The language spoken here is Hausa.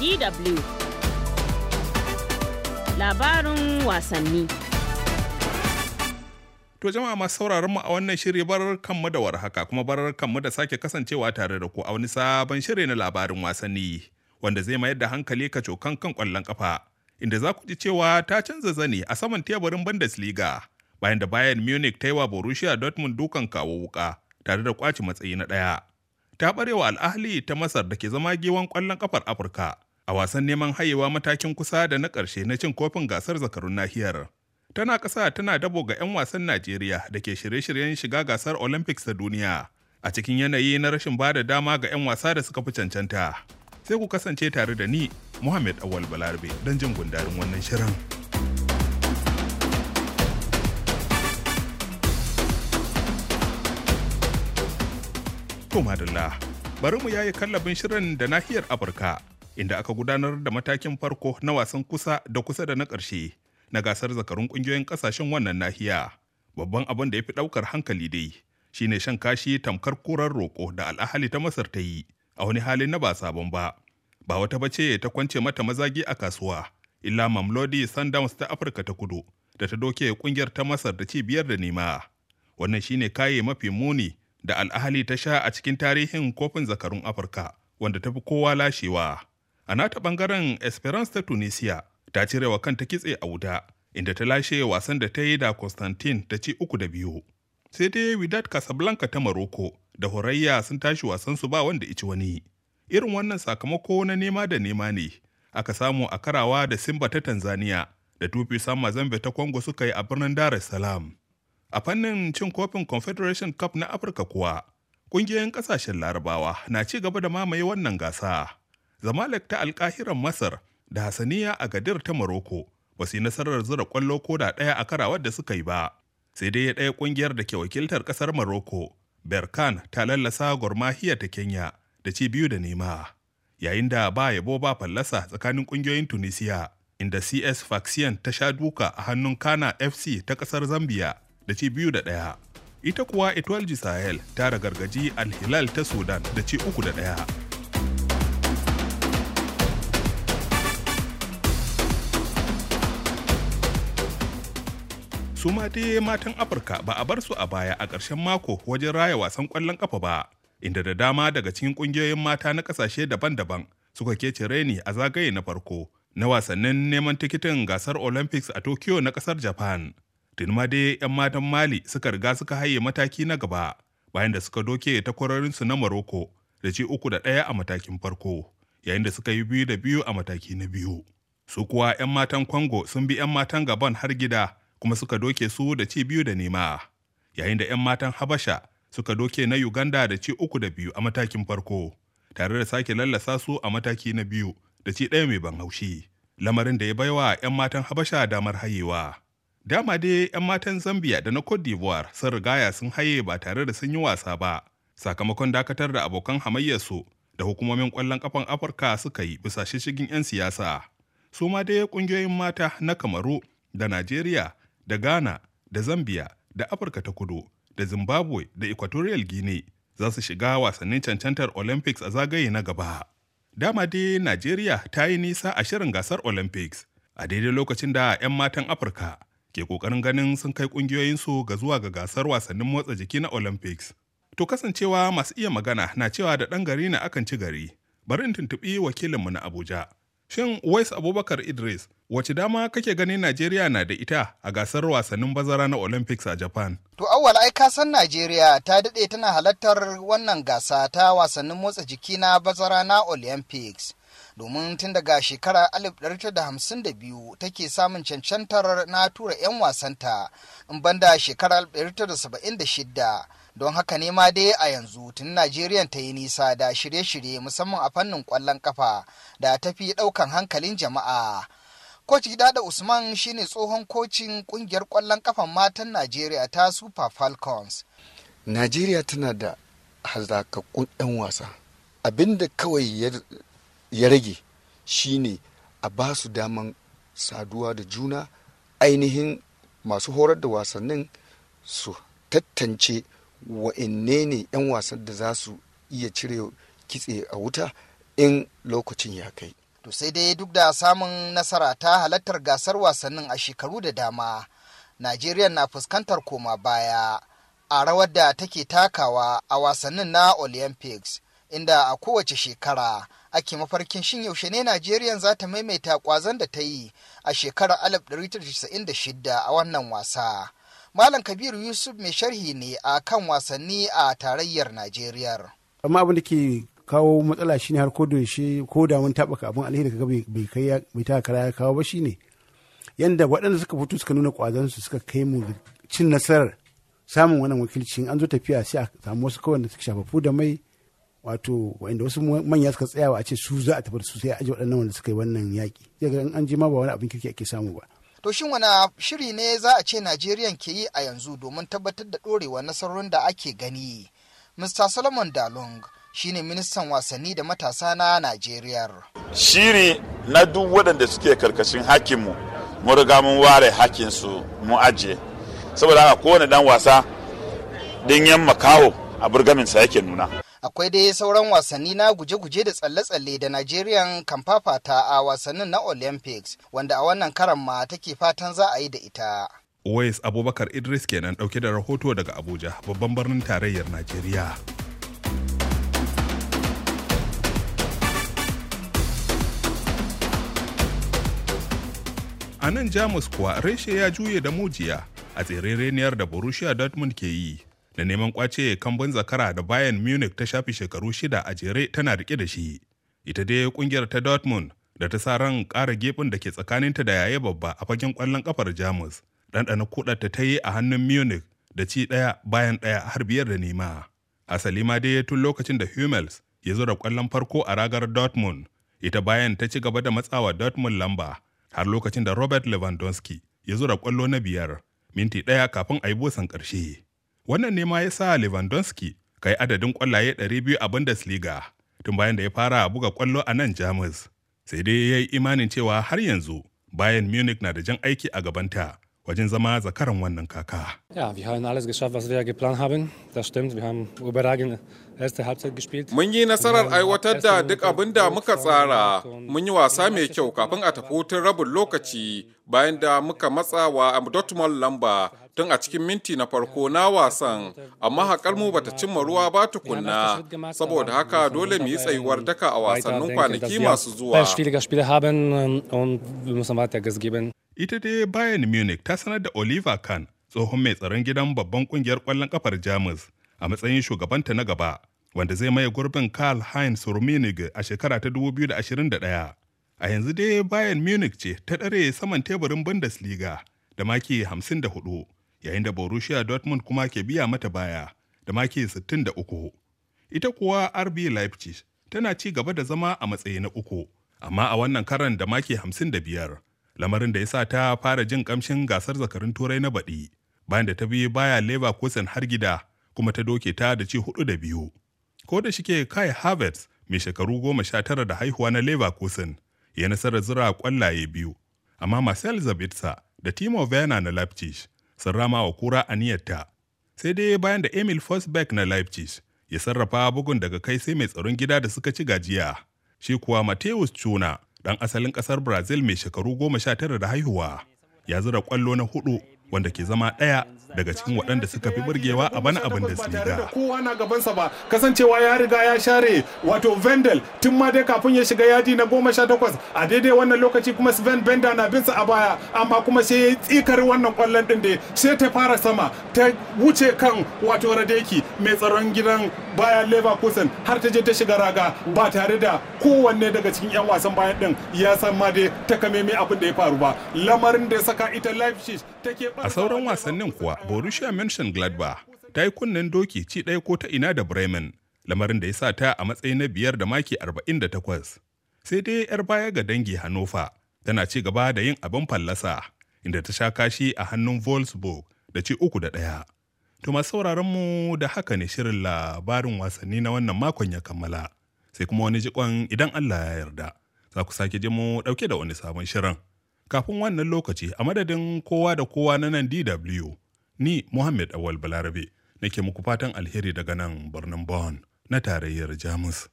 DW Labarin wasanni To jama'a masu sauraron mu a wannan shiri barar kanmu da warhaka kuma barar kanmu da sake kasancewa tare da ku a wani sabon shiri na labarin wasanni wanda zai mayar da hankali ka cokan kan kwallon kafa inda za ku ji cewa ta canza zani a saman teburin Bundesliga bayan da Bayern Munich ta yi wa Borussia Dortmund dukan kawo wuka tare da kwaci matsayi na ɗaya. ta barewa al'ahli ta masar da ke zama giwan kwallon kafar afirka a wasan neman hayewa matakin kusa da na ƙarshe na cin kofin gasar zakarun nahiyar. Tana ƙasa tana dabo ga 'yan wasan Najeriya da ke shirye-shiryen shiga gasar Olympics da duniya a cikin yanayi na rashin ba da dama ga 'yan wasa da suka fi cancanta. Sai ku kasance tare da ni, Muhammad Awal Balarabe, don jin gundarin wannan shirin. To bari mu yayi kallabin shirin da nahiyar Afirka inda aka gudanar da matakin farko na wasan kusa da kusa da na ƙarshe na gasar zakarun ƙungiyoyin ƙasashen wannan nahiya. Babban abin da ya fi ɗaukar hankali dai shine shan kashi tamkar korar roƙo da al'ahali ta Masar ta yi a wani halin na ba sabon ba. Ba wata bace ta kwance mata mazagi a kasuwa, illa Mamlodi Sundowns ta Afirka ta Kudu da ta doke ƙungiyar ta Masar da cibiyar da nema. Wannan shine kaye mafi muni da al'ahali ta sha a cikin tarihin kofin zakarun Afirka wanda ta fi kowa lashewa. a nata bangaren esperance ta tunisia ta cire wa kanta kitse a wuta inda ta lashe wasan da ta yi da constantin ta ci uku da biyu sai dai Wydad Casablanca ta maroko da Horayya sun tashi wasan su ba wanda ici wani. Irin wannan sakamako na nema da nema ne aka samu a karawa da Simba ta Tanzania da tufi san Mazambe ta kongo suka yi a birnin Dar es Salaam. A fannin cin kofin Confederation Cup na Afirka kuwa, ƙungiyoyin ƙasashen Larabawa na ci gaba da mamaye wannan gasa. zamalek ta alkahiran masar da hasaniya a gadir ta maroko ba su yi nasarar zura kwallo ko da ɗaya a karawar da suka yi ba sai dai ya ɗaya ƙungiyar da ke wakiltar ƙasar maroko berkan ta lallasa gwarmahiyar ta kenya da ci biyu da nema yayin da ba yabo ba fallasa tsakanin ƙungiyoyin tunisia inda cs faxian ta sha duka a hannun kana fc ta ƙasar zambia da ci biyu da ɗaya ita kuwa etoile sahel ta ragargaji al hilal ta sudan da ci uku da ɗaya su ma dai matan afirka ba a bar su a baya a ƙarshen mako wajen raya wasan ƙwallon ƙafa ba inda da dama daga cikin ƙungiyoyin mata na ƙasashe daban-daban suka kece reni a zagaye na farko na wasannin neman tikitin gasar olympics a tokyo na ƙasar japan tun ma dai 'yan matan mali suka riga suka haye mataki na gaba bayan da suka doke ta takwarorinsu na maroko da ci uku da ɗaya a matakin farko yayin da suka yi biyu da biyu a mataki na biyu su kuwa 'yan matan kwango sun bi 'yan matan gabon har gida kuma suka doke su da ci biyu da nema yayin da 'yan matan habasha suka doke na uganda da ci uku da biyu a matakin farko tare da sake lallasa su a mataki na biyu da ci ɗaya mai ban haushi lamarin da ya baiwa 'yan matan habasha damar hayewa dama dai 'yan matan zambia da na cote d'ivoire sun rigaya sun haye ba tare da sun yi wasa ba sakamakon dakatar da abokan hamayyarsu da hukumomin kwallon kafan afirka suka yi bisa shishigin 'yan siyasa su ma dai kungiyoyin mata na kamaru da najeriya da Ghana da Zambia da Afirka ta Kudu da Zimbabwe da Equatorial Guinea za su shiga wasannin cancantar Olympics a zagaye na gaba. Dama dai Najeriya ta yi nisa a shirin gasar Olympics a daidai lokacin da 'yan matan Afirka ke ƙoƙarin ganin sun kai ƙungiyoyinsu ga zuwa ga gasar wasannin motsa jiki na Olympics. To kasancewa masu iya magana na cewa da ɗan gari na akan ci gari. Bari in tuntuɓi wakilinmu na Abuja, Shin Wais Abubakar Idris, wace dama kake ganin Najeriya na da ita a gasar wasannin bazara na Olympics a Japan? To awwal ai ka san Najeriya ta daɗe tana halartar wannan gasa ta wasannin motsa jiki na bazara na Olympics. Domin tun daga shekara 1952 take samun cancantar na tura 'yan wasanta, in banda shekara 1976 don haka ne ma dai a yanzu tun najeriya ta yi nisa da shirye-shirye musamman a fannin kwallon kafa da tafi daukan hankalin jama'a koci dada usman shine tsohon kocin kungiyar kwallon kafan matan najeriya ta super falcons najeriya tana da hazakakkun 'yan wasa abinda kawai ya rage shine a ba su daman saduwa da juna ainihin masu horar da wasannin su tattance wa'anne ne 'yan wasan da za su iya cire kitse a wuta in lokacin ya kai. To sai dai duk da samun nasara ta halartar gasar wasannin a shekaru da dama, Najeriya na fuskantar koma baya a rawar da take takawa a wasannin na Olympics, inda a kowace shekara ake mafarkin shin yaushe ne Najeriya za ta maimaita kwazon da ta yi a shekarar 1996 a wannan wasa. Malam Kabiru Yusuf mai sharhi ne a kan wasanni a tarayyar Najeriya. Amma abin da ke kawo matsala shine har ko yaushe ko da mun abin alheri kaga bai kai bai ta kara ya kawo ba shine yanda waɗanda suka fito suka nuna ƙwazansu suka kai mu cin nasarar samun wannan wakilcin an zo tafiya sai a samu wasu kawai da suka shafafu da mai wato wanda wasu manya suka tsayawa a ce su za a tafi da su sai a aje waɗannan wanda suka yi wannan yaƙi zai an je ma ba wani abin kirki ake samu ba To shin wani shiri ne za a ce Najeriya ke yi a yanzu domin tabbatar da ɗorewa nasarorin da ake gani? Mr. Solomon Dalong ne ministan wasanni da matasa na Najeriya. Shiri na duk waɗanda suke karkashin hakinmu, mu riga mun ware hakinsu mu ajiye. Saboda haka kowane dan wasa ɗin yan makaho a burgaminsa yake nuna. akwai dai sauran wasanni na guje-guje da tsalle-tsalle da Najeriya kan fafata a wasannin na Olympics wanda a wannan karan ma take fatan za a yi da ita. Wais Abubakar Idris kenan ɗauke da rahoto daga Abuja babban birnin tarayyar Najeriya. A nan Jamus kuwa reshe ya juye da mujiya a reniyar da Borussia Dortmund ke yi da neman kwace kambun zakara da bayan Munich ta shafi shekaru shida a jere tana rike da shi. Ita dai kungiyar ta Dortmund da ta sa ran ƙara gefen da ke tsakaninta da yaye babba a fagen kwallon ƙafar Jamus. Ɗanɗana kuɗarta ta yi a hannun Munich da ci ɗaya bayan ɗaya har biyar da nema. Asali ma dai tun lokacin da Hummels ya zura kwallon farko a ragar Dortmund. Ita bayan ta ci gaba da matsawa Dortmund lamba har lokacin da Robert Lewandowski ya zura kwallo na biyar minti ɗaya kafin a yi busan ƙarshe. Wannan nema ya sa Lewandowski kai adadin kwallaye 200 a Bundesliga tun bayan da ya fara buga kwallo a nan Jamus. Sai dai ya yi imanin cewa har yanzu Bayern Munich na da jan aiki a gabanta wajen zama zakaran wannan kaka. Ja, wir haben alles geschafft, was wir geplant haben. Das stimmt, wir haben überragende Mun yi nasarar aiwatar da duk abin da muka tsara, mun yi wasa mai kyau kafin a tafi wutar rabin lokaci bayan da muka matsa wa Dortmund lamba tun a cikin minti na farko na wasan, amma haƙar mu bata cimma ruwa ba tukunna, saboda haka dole mu yi tsayuwar daka a wasannin kwanaki masu zuwa. Ähm, Ita dai Bayern Munich ta sanar da Oliver Kahn, tsohon mai tsaron gidan babban kungiyar kwallon kafar Jamus, a matsayin shugabanta na gaba. wanda zai maye gurbin Karl Heinz rummenig a shekara ta 2021. A yanzu dai Bayern Munich ce ta dare saman teburin Bundesliga da maki 54, yayin da Borussia Dortmund kuma ke biya mata baya da maki 63. Ita kuwa RB Leipzig tana ci gaba da zama a matsayi na uku, amma a wannan karan da maki 55, lamarin da ya sa ta fara jin kamshin gasar zakarin turai na baɗi, bayan da ta bi baya Leverkusen har gida kuma ta doke ta da ci hudu da biyu. ko da shike kai havertz mai shekaru goma sha tara da haihuwa na leverkusen ya nasarar zira kwallaye biyu amma marcel zabitsa da timo werner na leipzig sun rama wa kura a aniyarta sai dai bayan da emil forsberg na leipzig ya sarrafa bugun daga kai sai mai tsaron gida da suka ci gajiya shi kuwa mateus chuna ɗan asalin ƙasar brazil mai shekaru goma sha tara da haihuwa ya zira kwallo na hudu wanda ke zama ɗaya daga cikin waɗanda suka fi burgewa a bana abin da su da kowa na gabansa ba kasancewa ya riga ya share wato vendel tun ma dai kafin ya shiga yadi na goma sha takwas a daidai wannan lokaci kuma sven benda na binsa a baya amma kuma sai ya yi tsikar wannan kwallon din da sai ta fara sama ta wuce kan wato radeki mai tsaron gidan bayan leverkusen har ta je ta shiga raga ba tare da kowanne daga cikin yan wasan bayan din ya san ma dai ta kame abin da ya faru ba lamarin da ya saka ita leipzig take A sauran wasannin kuwa Borussia Mönchengladbach ta yi kunnen doki ci ɗaya ko ta ina da Bremen, lamarin da ya sa ta a matsayi na biyar da maki 48. Sai dai 'yar baya ga dangi Hannover tana ci gaba da yin abin fallasa inda ta sha kashi a hannun Wolfsburg da ci uku da ɗaya. To masu sauraron mu da haka ne shirin labarin wasanni na wannan makon ya kammala. Sai kuma wani jikon idan Allah ya yarda. Za ku sake ji mu ɗauke da wani sabon shirin. Kafin wannan lokaci a madadin kowa da kowa na nan DW ni Muhammad Awal Balarabe nake muku fatan alheri daga nan birnin Bonn na tarayyar Jamus.